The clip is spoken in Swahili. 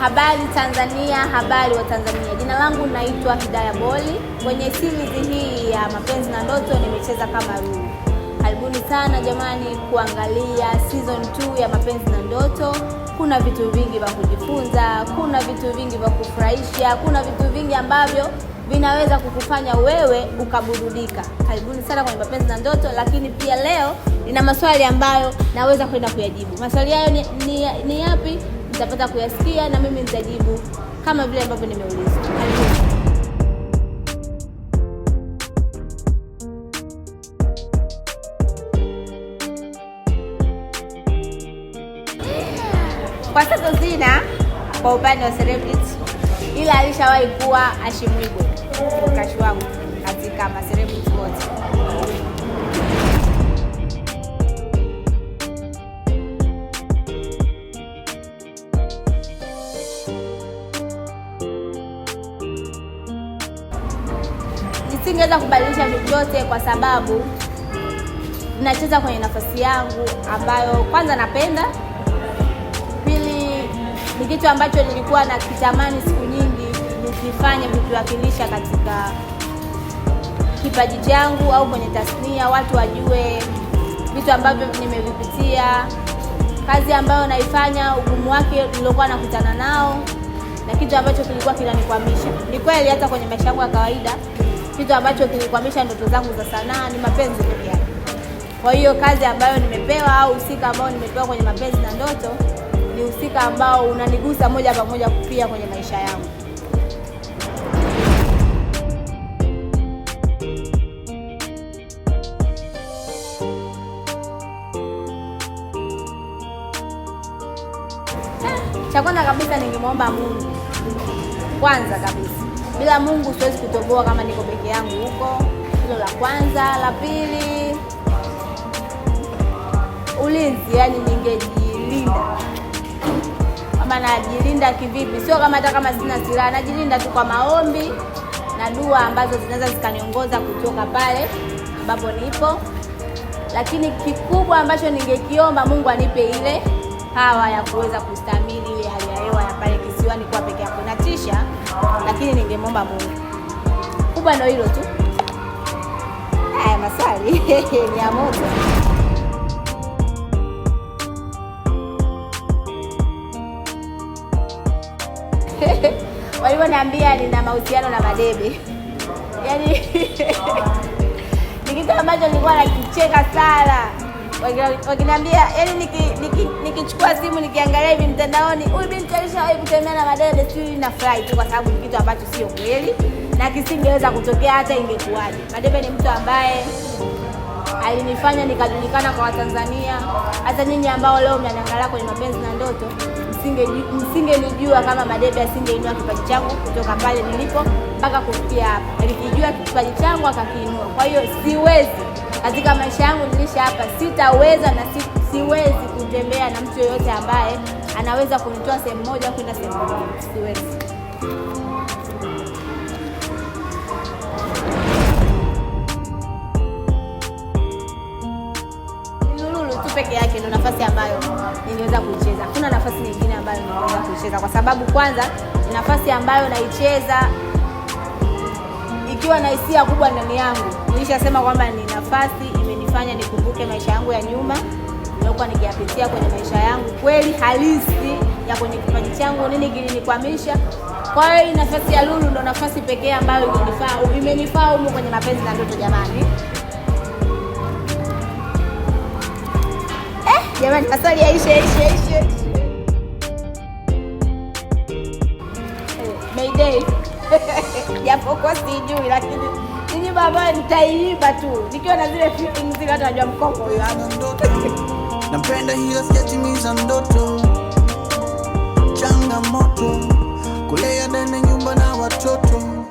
Habari Tanzania, habari wa Tanzania. Jina langu naitwa Hidaya Boli. Kwenye series hii ya mapenzi na ndoto nimecheza kama Ruu. Karibuni sana jamani kuangalia season 2 ya mapenzi na ndoto. Kuna vitu vingi vya kujifunza, kuna vitu vingi vya kufurahisha, kuna vitu vingi ambavyo vinaweza kukufanya wewe ukaburudika. Karibuni sana kwenye mapenzi na ndoto, lakini pia leo nina maswali ambayo naweza kwenda kuyajibu. Maswali hayo ni, ni, ni yapi? mtapata kuyasikia na mimi nitajibu kama vile ambavyo nimeuliza. Kwa sasa Zina kwa upande wa celebrity, ila alishawahi kuwa Ashimwigwe mkashi wangu katika ma wote singeweza kubadilisha vyovyote kwa sababu nacheza kwenye nafasi yangu ambayo kwanza napenda, pili ni kitu ambacho nilikuwa na kitamani siku nyingi nikifanya, kukiwakilisha katika kipaji changu au kwenye tasnia, watu wajue vitu ambavyo nimevipitia, kazi ambayo naifanya, ugumu wake niliokuwa nakutana nao, na kitu ambacho kilikuwa kinanikwamisha. Ni kweli hata kwenye maisha yangu ya kawaida kitu ambacho kilikwamisha ndoto zangu za sanaa ni mapenzi pekee yake. Kwa hiyo kazi ambayo nimepewa au husika ambao nimepewa kwenye mapenzi na ndoto ni husika ambao unanigusa moja kwa moja pia kwenye maisha yangu. Cha kwanza kabisa ningemwomba Mungu kwanza kabisa bila Mungu siwezi kutoboa kama niko peke yangu huko. Hilo la kwanza. La pili, ulinzi, yani ningejilinda kama. Najilinda kivipi? Sio kama hata kama sina silaha, najilinda tu kwa maombi na dua ambazo zinaweza zikaniongoza kutoka pale ambapo nipo. Lakini kikubwa ambacho ningekiomba Mungu anipe ile hawa ya kuweza kustahimili ile hali ya hewa ya pale kisiwani kwa peke yako kusitisha, lakini ningemwomba Mungu. Kubwa ndio hilo tu. Haya maswali ni ya moto. Walivyoniambia nina mahusiano na madebe, yaani ni kitu ambacho nilikuwa nakicheka sana wakiniambia, yani nikichukua simu nikiangalia hivi mtandaoni, huyu binti alishawahi kutembea na madada, sijui nafurahi tu, kwa sababu ni kitu ambacho sio kweli na kisingeweza kutokea hata ingekuwaje. Madebe ni mtu ambaye alinifanya nikajulikana kwa Watanzania, hata nyinyi ambao leo mnaniangalia kwenye mapenzi na ndoto msingenijua kama Madebe asingeinua kipaji changu kutoka pale nilipo mpaka kufikia hapa. Alikijua kipaji changu akakiinua. Kwa hiyo siwezi katika maisha yangu nilisha hapa, sitaweza na si, siwezi kutembea na mtu yoyote ambaye anaweza kunitoa sehemu moja kwenda sehemu nyingine, siwezi. tu peke yake ndo nafasi ambayo ningeweza kuicheza, hakuna nafasi nyingine ambayo nimeona kuicheza, kwa sababu kwanza nafasi ambayo naicheza ikiwa na hisia kubwa ndani yangu. Nilishasema kwamba ni nafasi imenifanya nikumbuke maisha yangu ya nyuma nilikuwa nikiyapitia kwenye maisha yangu kweli halisi ya kwenye kipaji changu, nini kilinikwamisha. Kwa hiyo hii nafasi ya Lulu ndo nafasi pekee ambayo imenifaa imenifaa humu kwenye mapenzi na ndoto. Jamani eh, jamani, asali yaishe ishe ishe japokuwa sijui, lakini ninyi baba, nitaiiba tu nikiwa na zile feelings zile, hata najua mkopo huyo hiyo, sijatimiza ndoto, changamoto kulea ndani nyumba na watoto